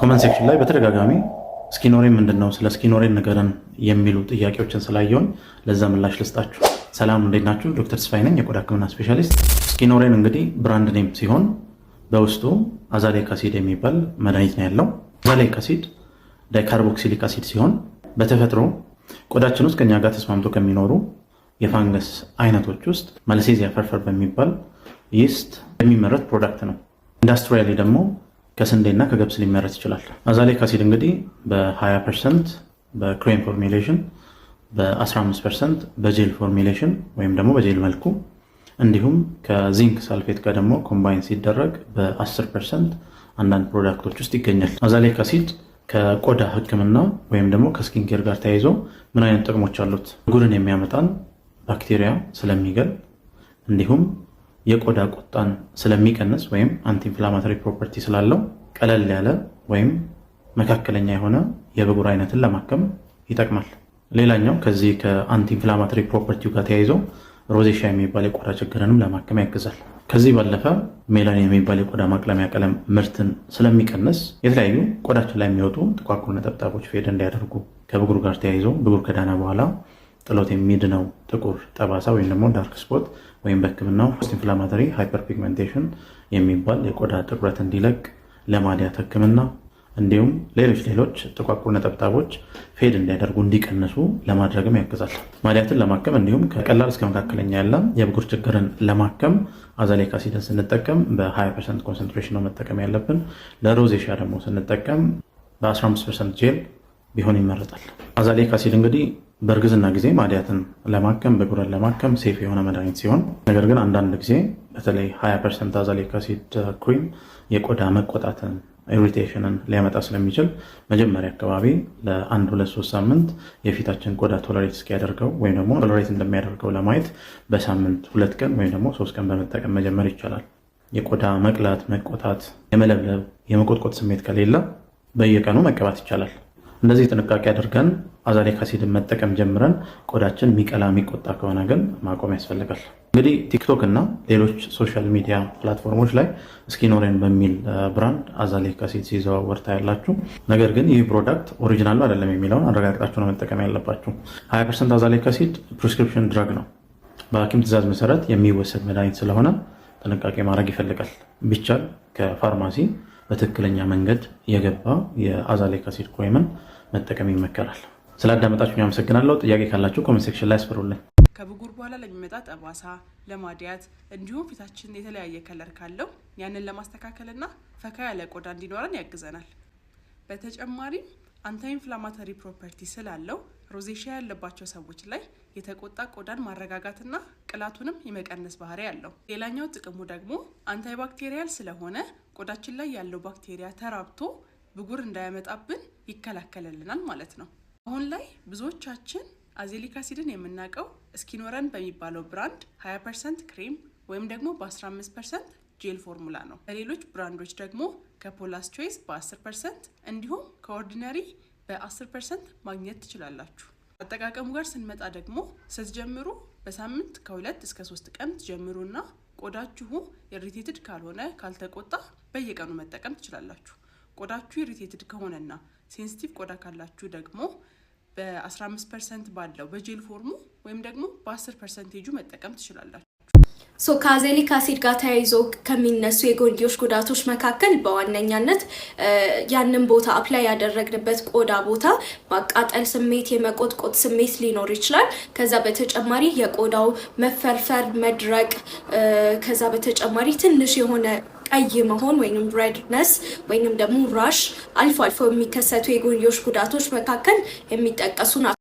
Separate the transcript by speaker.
Speaker 1: ኮመንት ሴክሽን ላይ በተደጋጋሚ ስኪኖሬን ምንድን ነው ስለ ስኪኖሬ ንገረን የሚሉ ጥያቄዎችን ስላየውን ለዛ ምላሽ ልስጣችሁ። ሰላም እንዴት ናችሁ? ዶክተር ስፋይነኝ ነኝ የቆዳ ህክምና ስፔሻሊስት። ስኪኖሬን እንግዲህ ብራንድ ኔም ሲሆን በውስጡ አዛሌክ አሲድ የሚባል መድኃኒት ነው ያለው። አዛሌክ አሲድ ዳይካርቦክሲሊክ አሲድ ሲሆን በተፈጥሮ ቆዳችን ውስጥ ከኛ ጋር ተስማምቶ ከሚኖሩ የፋንገስ አይነቶች ውስጥ መልሴዚያ ፈርፈር በሚባል ይስት የሚመረት ፕሮዳክት ነው። ኢንዳስትሪያሊ ደግሞ ከስንዴና ከገብስ ሊመረት ይችላል። አዛሌክ አሲድ እንግዲህ በ20 ፐርሰንት በክሬም ፎርሚሌሽን በ15 ፐርሰንት በጄል ፎርሚሌሽን ወይም ደግሞ በጄል መልኩ እንዲሁም ከዚንክ ሳልፌት ጋር ደግሞ ኮምባይን ሲደረግ በ10 ፐርሰንት አንዳንድ ፕሮዳክቶች ውስጥ ይገኛል። አዛሌክ አሲድ ከቆዳ ሕክምና ወይም ደግሞ ከስኪንኬር ጋር ተያይዞ ምን አይነት ጥቅሞች አሉት? ብጉርን የሚያመጣን ባክቴሪያ ስለሚገል እንዲሁም የቆዳ ቁጣን ስለሚቀንስ ወይም አንቲ ፕሮፐርቲ ስላለው ቀለል ያለ ወይም መካከለኛ የሆነ የብጉር አይነትን ለማከም ይጠቅማል። ሌላኛው ከዚህ ከአንቲ ፕሮፐርቲው ጋር ተያይዞ ሮዜሻ የሚባል የቆዳ ችግርንም ለማከም ያግዛል። ከዚህ ባለፈ ሜላኒ የሚባል የቆዳ ማቅለሚያ ቀለም ምርትን ስለሚቀንስ የተለያዩ ቆዳችን ላይ የሚወጡ ጥቋቁር ነጠብጣቦች ፌድ እንዲያደርጉ ከብጉር ጋር ተያይዞ ብጉር ከዳና በኋላ ጥሎት የሚድነው ጥቁር ጠባሳ ወይም ደግሞ ዳርክ ስፖት ወይም በህክምናው ፖስት ኢንፍላማተሪ ፒግመንቴሽን የሚባል የቆዳ ጥቁረት እንዲለቅ ለማዲያት ህክምና እንዲሁም ሌሎች ሌሎች ጥቋቁር ነጠብጣቦች ፌድ እንዲያደርጉ እንዲቀንሱ ለማድረግም ያግዛል። ማዲያትን ለማከም እንዲሁም ከቀላል እስከ መካከለኛ ያለ የብጉር ችግርን ለማከም አዛሌክ አሲድን ስንጠቀም በ20 ፐርሰንት ኮንሰንትሬሽን ነው መጠቀም ያለብን። ለሮዜሻ ደግሞ ስንጠቀም በ15 ፐርሰንት ጄል ቢሆን ይመረጣል። አዛሌክ አሲድ እንግዲህ በእርግዝና ጊዜ ማዲያትን ለማከም ብጉርን ለማከም ሴፍ የሆነ መድኃኒት ሲሆን ነገር ግን አንዳንድ ጊዜ በተለይ 20 ፐርሰንት አዛሌክ አሲድ ክሪም የቆዳ መቆጣትን ኢሪቴሽንን ሊያመጣ ስለሚችል መጀመሪያ አካባቢ ለአንድ ሁለት ሶስት ሳምንት የፊታችን ቆዳ ቶለሬት እስኪያደርገው ወይም ደግሞ ቶለሬት እንደሚያደርገው ለማየት በሳምንት ሁለት ቀን ወይም ደግሞ ሶስት ቀን በመጠቀም መጀመር ይቻላል። የቆዳ መቅላት፣ መቆጣት፣ የመለብለብ፣ የመቆጥቆጥ ስሜት ከሌለ በየቀኑ መቀባት ይቻላል። እንደዚህ ጥንቃቄ አድርገን አዛሌክ አሲድን መጠቀም ጀምረን ቆዳችን የሚቀላ የሚቆጣ ከሆነ ግን ማቆም ያስፈልጋል። እንግዲህ ቲክቶክ እና ሌሎች ሶሻል ሚዲያ ፕላትፎርሞች ላይ ስኪኖሬን በሚል ብራንድ አዛሌክ አሲድ ሲዘዋወር ታያላችሁ። ነገር ግን ይህ ፕሮዳክት ኦሪጂናሉ አይደለም የሚለውን አረጋግጣችሁ ነው መጠቀም ያለባችሁ። 20 ፐርሰንት አዛሌክ አሲድ ፕሪስክሪፕሽን ድረግ ነው። በሐኪም ትእዛዝ መሰረት የሚወሰድ መድኃኒት ስለሆነ ጥንቃቄ ማድረግ ይፈልጋል። ቢቻል ከፋርማሲ በትክክለኛ መንገድ የገባ የአዛሊክ አሲድ ኮይምን መጠቀም ይመከራል። ስላዳመጣችሁ አመሰግናለሁ። ጥያቄ ካላችሁ ኮሜንት ሴክሽን ላይ አስፍሩልን።
Speaker 2: ከብጉር በኋላ ለሚመጣ ጠባሳ፣ ለማድያት እንዲሁም ፊታችን የተለያየ ከለር ካለው ያንን ለማስተካከልና ፈካ ያለ ቆዳ እንዲኖረን ያግዘናል። በተጨማሪም አንታይ ኢንፍላማተሪ ፕሮፐርቲ ስላለው ሮዜሻ ያለባቸው ሰዎች ላይ የተቆጣ ቆዳን ማረጋጋትና ቅላቱንም የመቀነስ ባህሪ አለው። ሌላኛው ጥቅሙ ደግሞ አንታይ ባክቴሪያል ስለሆነ ቆዳችን ላይ ያለው ባክቴሪያ ተራብቶ ብጉር እንዳያመጣብን ይከላከልልናል ማለት ነው። አሁን ላይ ብዙዎቻችን አዜሊክ አሲድን የምናውቀው እስኪኖረን በሚባለው ብራንድ 20 ፐርሰንት ክሬም ወይም ደግሞ በ15 ፐርሰንት ጄል ፎርሙላ ነው። በሌሎች ብራንዶች ደግሞ ከፖላስ ቾይስ በ10 ፐርሰንት እንዲሁም ከኦርዲነሪ በ10 ፐርሰንት ማግኘት ትችላላችሁ። አጠቃቀሙ ጋር ስንመጣ ደግሞ ስትጀምሩ በሳምንት ከሁለት እስከ ሶስት ቀን ትጀምሩና ቆዳችሁ ኢሪቴትድ ካልሆነ ካልተቆጣ በየቀኑ መጠቀም ትችላላችሁ። ቆዳችሁ ኢሪቴትድ ከሆነና ሴንስቲቭ ቆዳ ካላችሁ ደግሞ በ15 ፐርሰንት ባለው በጄል ፎርሙ ወይም ደግሞ በ10 ፐርሰንቴጁ መጠቀም ትችላላችሁ።
Speaker 3: ሶ ከአዜሊክ አሲድ ጋር ተያይዞ ከሚነሱ የጎንዮሽ ጉዳቶች መካከል በዋነኛነት ያንን ቦታ አፕላይ ያደረግንበት ቆዳ ቦታ ማቃጠል ስሜት፣ የመቆጥቆጥ ስሜት ሊኖር ይችላል። ከዛ በተጨማሪ የቆዳው መፈርፈር፣ መድረቅ ከዛ በተጨማሪ ትንሽ የሆነ ቀይ መሆን ወይም ሬድነስ ወይም ደግሞ ራሽ አልፎ አልፎ የሚከሰቱ የጎንዮሽ ጉዳቶች መካከል የሚጠቀሱ ናቸው።